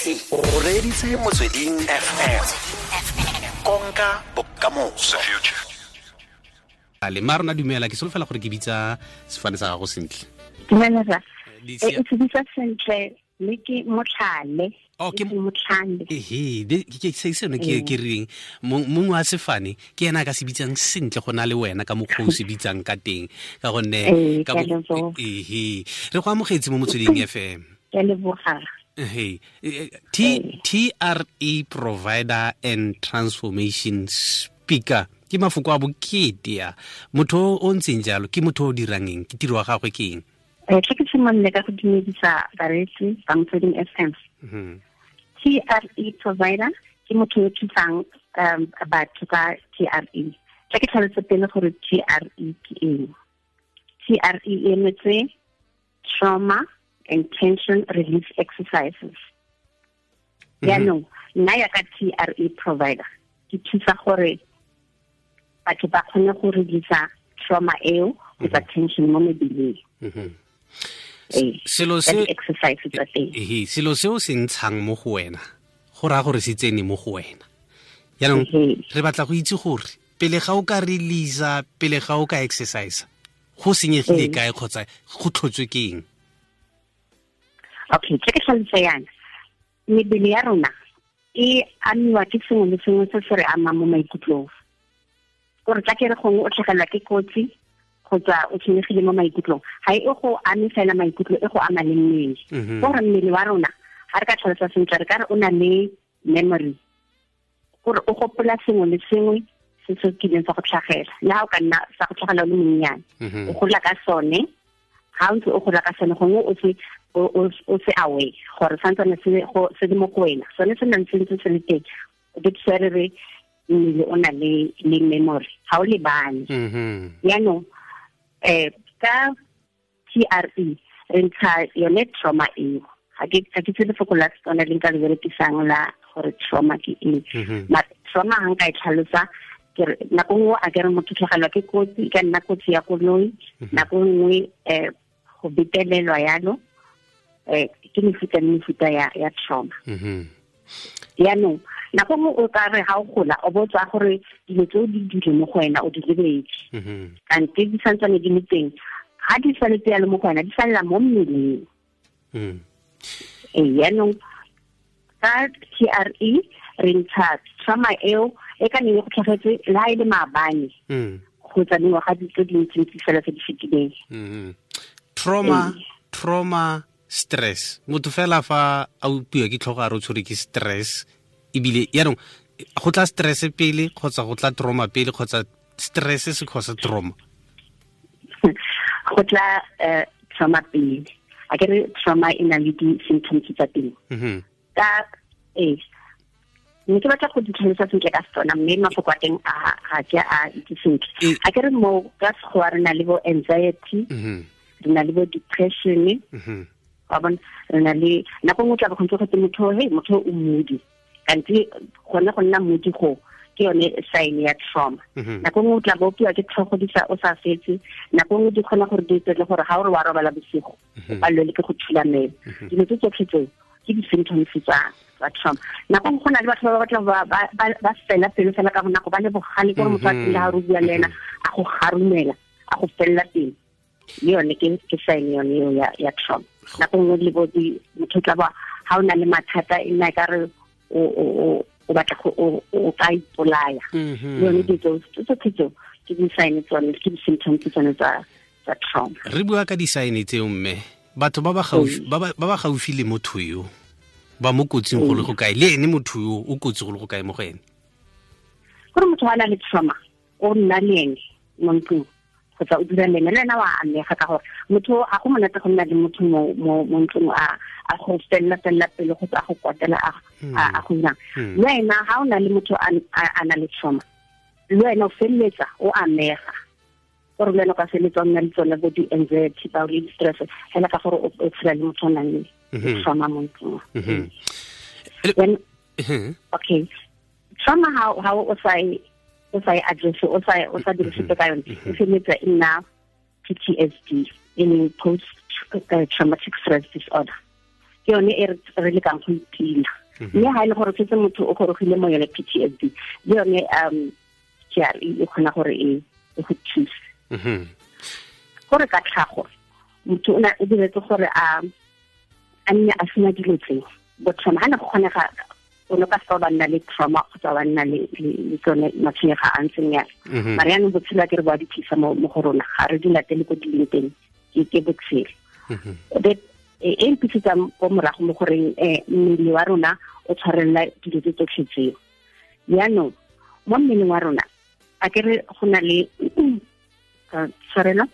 se o reditse motsweding fm konka bokamoso ale ma rona dumela ke solofela gore ke bitsa sefane sa gago sentle dumelara eh, eh, oh, seno ke eh. ke reng mongwe wa sefane ke ena ka se bitsang sentle go na le wena ka mokgwa o se bitsang ka teng ka gonne re go amogetse mo motsweding fm ke Eh, eh, hey. T, e provider and transformation speaker ke mafoko a bokete a motho o ntseng jalo ke motho o dirang eng ke tiro wa gagwe ke eng eh, ke ke simolole ka go dumedisa bareetsi ba motsweding f m mhm. t r e provider ke motho yo thusang um batho ka t r e tla ke tlhalose pele gore t r e ke eng t r e e emetse trauma and tension release exercises yaanong mhm. nna yaka t r e provider ke thusa gore batho ba kgone go releasa trauma eo kgotsa mhm. tension mo mebeleng mhm. ee, selo se o se ntshang mo go wena go raya gore se tsene mo go wena yaanong re batla go itse gore pele ga o ka releasa pele ga o ka exercise go senyegile ee. kae kgotsa go tlhotswe ke eng Ok, cheke e chan se yan. Ni biniyarou na. I an wakit se mouni se moun mhm. se sere ama mou may kutlou. Kour taker akong ou chakal laki koti. Kouta ou chini chili mou may kutlou. Hai ou kou an se moun may kutlou. E kou ama ni mouni. Kour an mouni warou na. Harika chan se mouni se mouni karikar. O nan ni memori. Kour ou kou poulak se mouni se mouni. Se chan se mouni sa koutchakel. Nya ou kan sa koutchakel an mouni mouni yan. Ou kou lakasone. Haon se ou kou lakasone o se away gore santsane se di mo go wena sone se nang sentse se le teng that's why re mmele o na le le memory ga o lebane mm-hmm. yaanong um ka t r e re ntsha yone trauma eo ga ke tsebe foko la tsona le nka le berekisang la gore trauma ke eng mm-hmm. trauma ga nka e tlhalosa nako nngwe a kere motho tlhogelwa ke kotsi ka nna kotsi ya koloi mm-hmm. nako nngwe um go betelelwa yalo um ke mefuta le mefuta ya trauma mm-hmm. yaanong nako e nngwe o ka re ga o gola o bo tswa gore dilo tse o di dile mo go wena o di lebetse mm-hmm. kante di santsane di le teng ga di saletse le mo go wena di salela mo mmeleng ee yaanong ka t r e re ntsha trauma eo e ka neng e go tlhagetse le ga e le maabane mm. go tsa dingwaga tse dintsintsi fela tse di fetileng mm-hmm. trauma eh. trauma stress motho fela fa a upiwa ke tlhogo a re o tshwere ke stress ebile yaanong go tla stress pele kgotsa go tla trauma pele kgotsa stress se kgosa trauma go tla eh, trauma pele a kere trauma e na le di-symptoms tsa teng mm-hmm. ka ee ne ke batla go ditlhalosa sentle ka setsona mme mafoko a teng ga ke a itse sentle e- a ke re mo ka sekgowa re na le bo anxiety mm-hmm. re na le bo depression mm-hmm wa bona re na le nako e nngwe tla ba kgontse gote motho he motho o modi kante gone go nna moodi go ke yone sign ya trauma mm-hmm. nako e ngwe o tla ba opiwa ke tlhogo di sa o sa fetse nako e ngwe di kgona gore di tsetle gore ga ore re wa robala bosigo o mm-hmm. palelwe ke go thulamela mm-hmm. dilo tse tsotlhe tseo ke di-symptoms tsa ba nako nako go na le batho ba batla ba fela pelo fela ka bonako ba le bogale ke motho a tsile ga re le ena a go garumela a go felela pelo le yone ke sign yone eo ya trauma nako nngwe le bo motho tla ba ha o na le mathata e nna ka re o batla o ka ipolaya le mm-hmm. yone ditso tsotlhe tseo ke di-sign tsone ke di-symptom tse tsone tsa trauma re bua ka di-sign o mme batho mm. ba ba gaufi le motho yo ba mo kotsing go le mm. go kae le ene motho yo o kotsi go le go kae mo go ene gore motho wa na le trauma o nna le ene mo ntlong kgotsa o dira leme le wena wa amega ka gore motho a go monate go nna le motho mo ntlong a a go felela felela pele go a go kwatela a hmm. go irang hmm. le wena ga o na le motho a na le tshoma le wena o feleletsa o amega gore le wena o ka feleletsa o nna le tsone bo di-anxiety bao le di-stress fela ka gore o tshela le motho o nang le hmm. trauma mo ntlong okay trauma ga o sa e o sa e address o sa o sa dirisitse ka yone e mm-hmm. feletsa e nna PTSD e leng post uh, traumatic stress disorder ke yone e re le kang go ipila e mm-hmm. mme ha ile e gore setse motho o gorogile mo yone PTSD le yone um ke a e, e kgona gore e e go thusa mm-hmm. gore ka tlhago motho o na o diretse gore a a nne a sena dilo tseo botshwana ga ne go kgonega ono ka se ba nna le trauma kgotsa ba nna le tsone matshwenyega a ntseng yalo mhm. mare yaanong botshelo ke re bo a diphisa mo go rona ga re dilate le ko di leng teng ke botshelo mhm. but eh, e e ko morago mo goreng um mmele wa rona o tshwarelela dilo tse tsotlhe tseo yaanong mo mmeleng wa rona a ke re go na le tshwarelo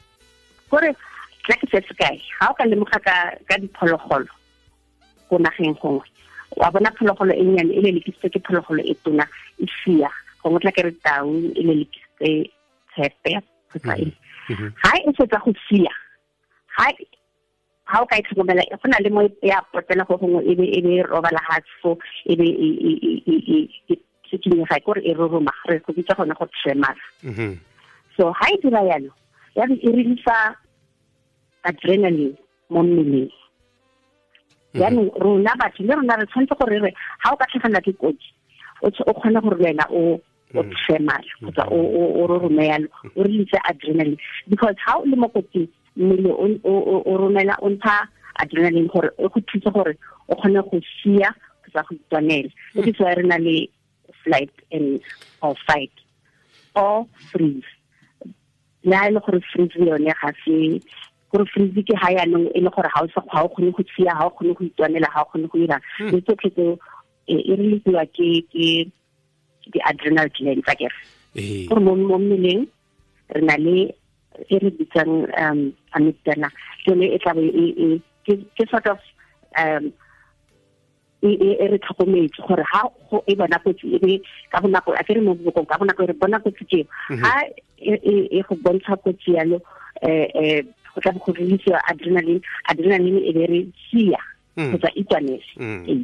kore tla ke se sekae ga o ka lemoga ka diphologolo ko nageng gongwe wa bona phologolo e nyane e lelekisitse ke phologolo e tona e fia gongwe tla kere tau e lelekisitse tshepe kgotsa e ga e fetsa go fia ga o ka e tlhokomela go na le mo ya potela go gongwe e be e be robala hatso e be e e e e e e e e e e e e e e e e so ha e dira yalo ya re irisa adrenaline mo mmeleng jaanong mm-hmm. rona batho le rona re tshwanetse gore re ga o ka tlhagelelwa ke kotsi o kgone gore lwena o o mm-hmm. tse mala mm-hmm. kgotsa o re rorome yalo o re release adrenaline because ga o le mo kotsing mmele o romela o ntsha adrenaline gore o e go thuse gore o kgone go sia kgotsa go itwanela which is why re na le flight and or fight or freeze le ga e le gore freeze yone ga se gore freeze ke ha yaanong e le gore ha o se kgwa o khone go tsiya ha o khone go itwanela ha o khone go ira le tsotlhe tseo e re releasiwa ke ke di-adrenal gland tsa ke eh mo mo mmeleng re na le e re bitsang um amygdala le e e e ke sort of um e e re tlhokometse gore ha go e bona kotsi e be ka go a kere mo go ka bona go re bona go keo ha e e go bontsha kotsi yalo eh go tla go release adrenaline adrenaline e be re sia hmm. kgotsa itwanese hmm. ee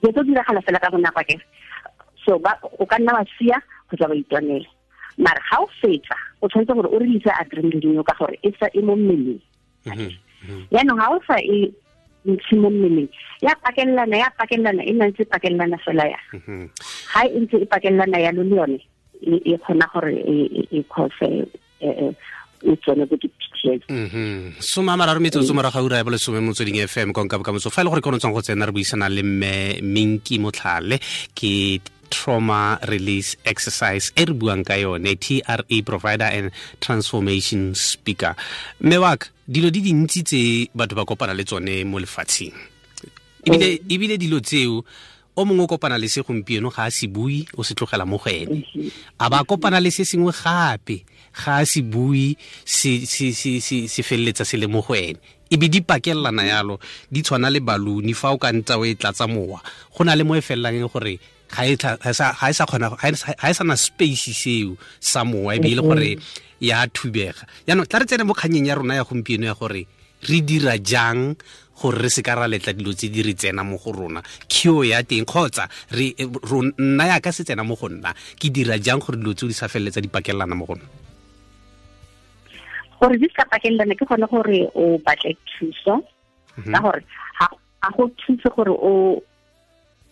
dilo tse diragala fela ka bonako ke so o ka nna wa sia kgotsa ba itwanele mara ga o fetsa o tshwanetse gore o release adrenaline ka gore e sa e mo mmeleng hmm, yaanong ga o sa e ntshe mo mmeleng ya pakelelana ya pakelelana e nna ntse e pakelelana fela ya ga e ntse e pakelelana yalo le yone e, e kgona gore e, e cause o tshwanetse ke thusiwe some a mararo metsotso ee. morago ga ura ya bolesome motsweding fm konka bokamoso fa e le gore ke kono tsang go tsena re buisanang le mme menki motlhale ke trauma release exercise e re buang ka yone tra provider and transformation speaker mme waka dilo di dintsi tse batho ba kopana le tsone mo lefatsheng ebile ee. dilo tseo o mongwe o kopana le se gompieno ga a se bui o se tlogela mo go ene mhm. a ba kopana le se sengwe gape ga a se bui se feleletsa se le mo go ene e be di pakelelana yalo di tshwana le baluni fa o ka ntsa o e tlatsa mowa go na le mo e felelang e gore ga e sa na space seo sa mowa e be e le gore mhm. ya thubega yaanong tla re tsene mo kganyeng ya rona ya gompieno ya gore re dira jang gore re se ka ra letla dilo tse di re tsena mo go rona kio ya teng kgotsa nna yaka se tsena mo go nna ke dira jang gore dilo tseo di sa feleletsa di pakelelana mo go nna gore di sa pakelelana ke gone gore o batle thuso mhm. ka gore ga go thuse gore o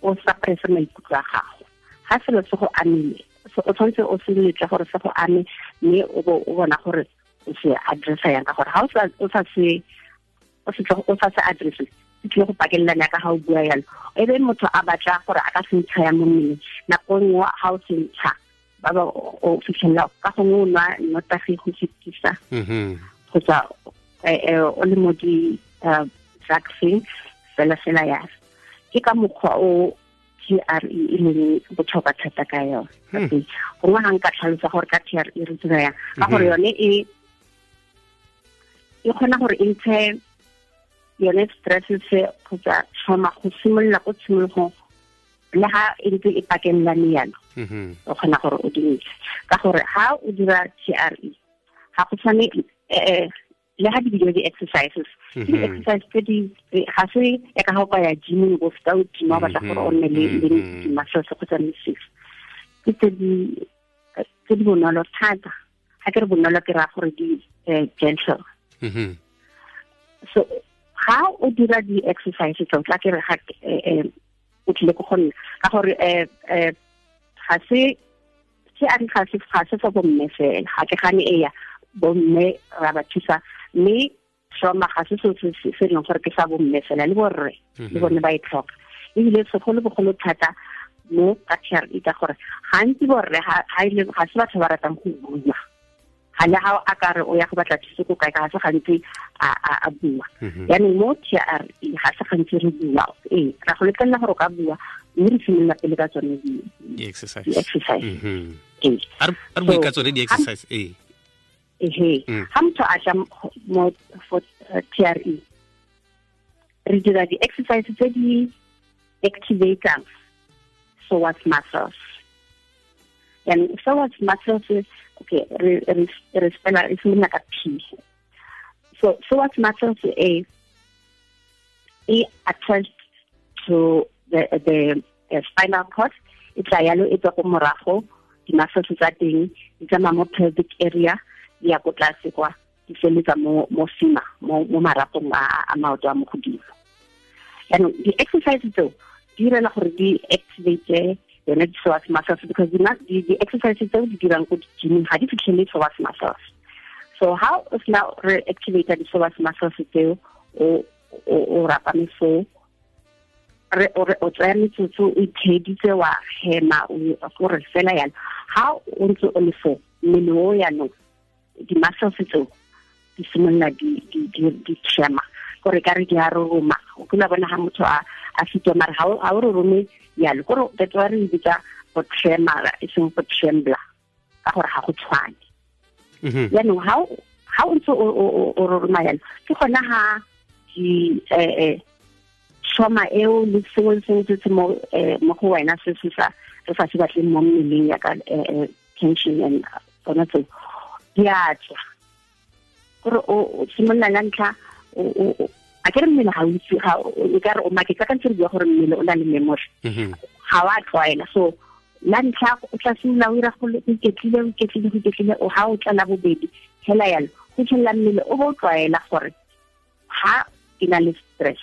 o suppresse maikutlo a gago ga selo se go amile o tshwanetse o se letle gore se go ame mme o bona gore o se addressa yang ka gore ga o sa se o se o sa se addresse se tlile go pakelelana ka ga o bua yalo e be motho a batla gore a ka se ya mo mmeleng nako e nngwe ga o se ntsha ba ba o fitlhelela ka gongwe o nwa notagi go fetisa kgotsa mm-hmm. e, e, o le mo di-vaccine fela fela yalo ke ka mokgwa o TRE e leng botlhokwa thata ka yone hmm. gongwe ga nka tlhalosa gore ka TRE re dira yang ka hmm. gore yone e e kgona gore e ntshe yone stress se kgotsa trauma go simolola ko tshimologong le ga e ntse e pakelelane yalo o kgona gore o dirise ka gore ha o dira t r e ga go tshwane le ga dibidio di-exercises ke di-exercise tse di ga se e ka ga o ka ya gyming o feta o tima batla gore o nne le di-muscles kgotsa mesif ke tse di bonolo thata ga ke re bonolo ke raya gore di gentle so ga o dira di exercise tsa tla ke re ga e o tle go khona ka gore e e ga se ke a di ga se ga se go mme fela ga ke gane e ya bo mme ra ba thusa me so ma ga se se se nna gore ke sa bo mme fela le borre le bone ba itlhoka e bile se go le bogolo thata mo ka tsere ka gore gantsi borre ga ga ile ga se ba tsabara tang go bua a le ga a ka re o ya go batla thuso ko kae ka ga se gantsi a bua mhm. yaanong mo t r e ga se gantsi re bua ee ra go letlelela gore o ka bua mme re simolola pele ka tsone di-exercise ehe ga motho a tla mo for uh, t r e re dira di-exercise tse di activatang sowas muscles and sowas muscles okay re re re spela re simolola ka p so so what matters is e attached to the the uh, spinal cord e tla yalo e tswa ko morago di-muscles tsa teng di tsamaya mo pelvic area di ya ko tlase kwa di feletsa mo mo sima mo mo marapong a a maoto a mo godimo yaanong di-exercise tseo di direla gore di activate yone di-soas muscles because di-exercises tseo di dirang ko di-gyming ga di fitlhele soas muscles so how o sena re activate di-soas muscles tseo o rapame so o tsaya metsotso o ikheditse wa hema gore fela yana ha o ntse o le foo mmele o yaanong di-muscles tseo di simolola di-trema gore ka re di a roroma o bona ga motho a a fitwa mare ga o re rome yalo kore that's wa re e bitsa potremala e seng potrembla ka gore ga go tshwane yaanong mhm. ga o ntse o roroma yalo ke gona ga di eh, eh, um soma eo le sengwe le sengwe se eh, mo go wena se se sa re sa se batleng mo mmeleng ya ka tension and tsona tseo di a tswa gore o simolola la ntlha a ke re mmele ga utse ga ka re o make ka ntse re bua gore mmele o na le memory mm-hmm. ga wa tlwaela so la ntlha o tla simolola o 'ira go iketlile o iketlile go iketlile o ga o tlala bobedi fela yalo go tlhelela mmele o bo o tlwaela gore ha ke na le stress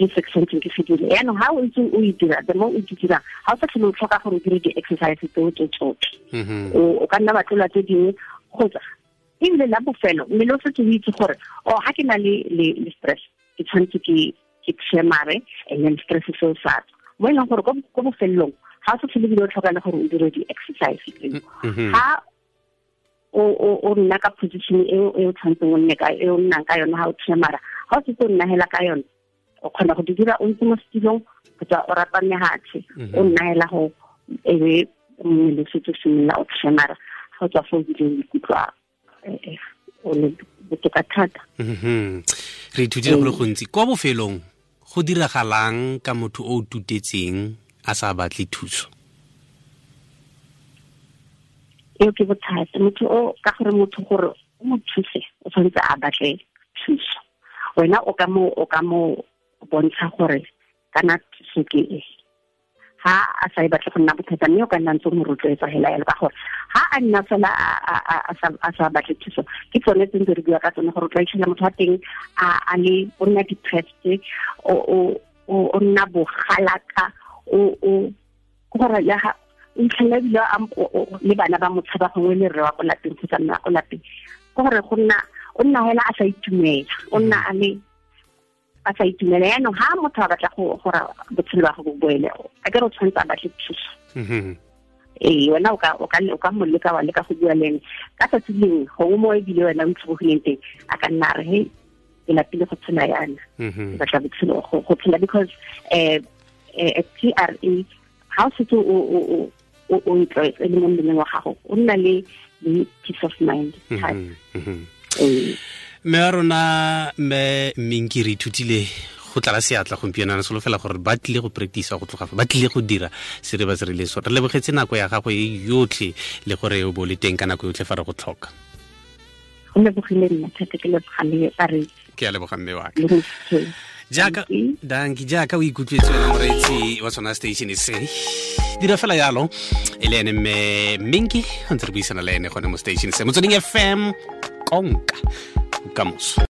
ke se sentse ke se dire yaanong ga o itse o e dira the more o di dira ga o sa tlhole o tlhoka gore o dire di-exercise tseo tse tsotlhe mm-hmm. o ka nna batlola tse dingwe kgotsa ebile la bofelo mmele o setse o itse gore o ha ke na le le stress ke tsantsi ke ke tshemare and then stress is so sad when e gore go go bo ga ha se tlhole ebile o tlhoka le gore o dire di-exercise tseo ha o o o nna ka position e o tshwanetseng o nne ka e o nna ka yona ha o tshemara ha se setse nna hela ka yona o khona go di dira o ntse mo stilong setilong kgotsa o rapame gatshe o nna hela go ebe mmele le o simolola o tremara ga o tswa fo o bile o ikutlwa Eh, eh, ole botoka thata mhm. re ithutile go le gontsi kwa bofelong go diragalang ka motho o tutetseng a sa batle thuso eo ke bothata motho o ka gore motho gore o mo thuse o tshwanetse a batle thuso wena o ka mo o ka mo bontsha gore kana thuso ke e ha a sa e batle go nna bothata mme o ka nna ntse mo rotloetsa hela le ka gore ha a nna fela a sa batle thuso ke tsone tse ntse re bua ka tsone gore o tla itlhela motho wa teng a le o nna depressed o nna bogalaka o gore o itlhelela ebile le bana ba motshaba gongwe le rre wa ko lapeng kgotsa nna ko lapeng ke gore go nna o nna fela a sa itumela o nna a le a sa itumela yaanong ha motho a batla gore botshelo ba go boele a ke re o tshwanetse a batle thuso mm-hmm ee wena o ka moleka wa leka go bua le ene ka tsatsi lengwe gongwe mo ebile wena o itlhobogileng teng a ka nna re he ke lapile go tshela yana mm-hmm. ke batla go tshela because um at t r e, a ga o setse o e le mo mmeleng wa gago o nna le peace of mind mm-hmm, mm-hmm. Ee. mme wa rona mme mmeng ithutile go tlala seatla gompieno ana solofela gore ba tlile go practice go tloga ba tlile go dira se re ba se re so re lebogetse nako ya gago e yotlhe le gore o bo le teng ka nako yotlhe fa re go tlhoka ke lebogale a lebogamme waka jaaka danki jaaka o ikutlwetse wena moreetsi wa tshwana station se dira fela yalo e le ene mme minki go ntse re buisana le ene gone mo station se motsweding fm konka bokamoso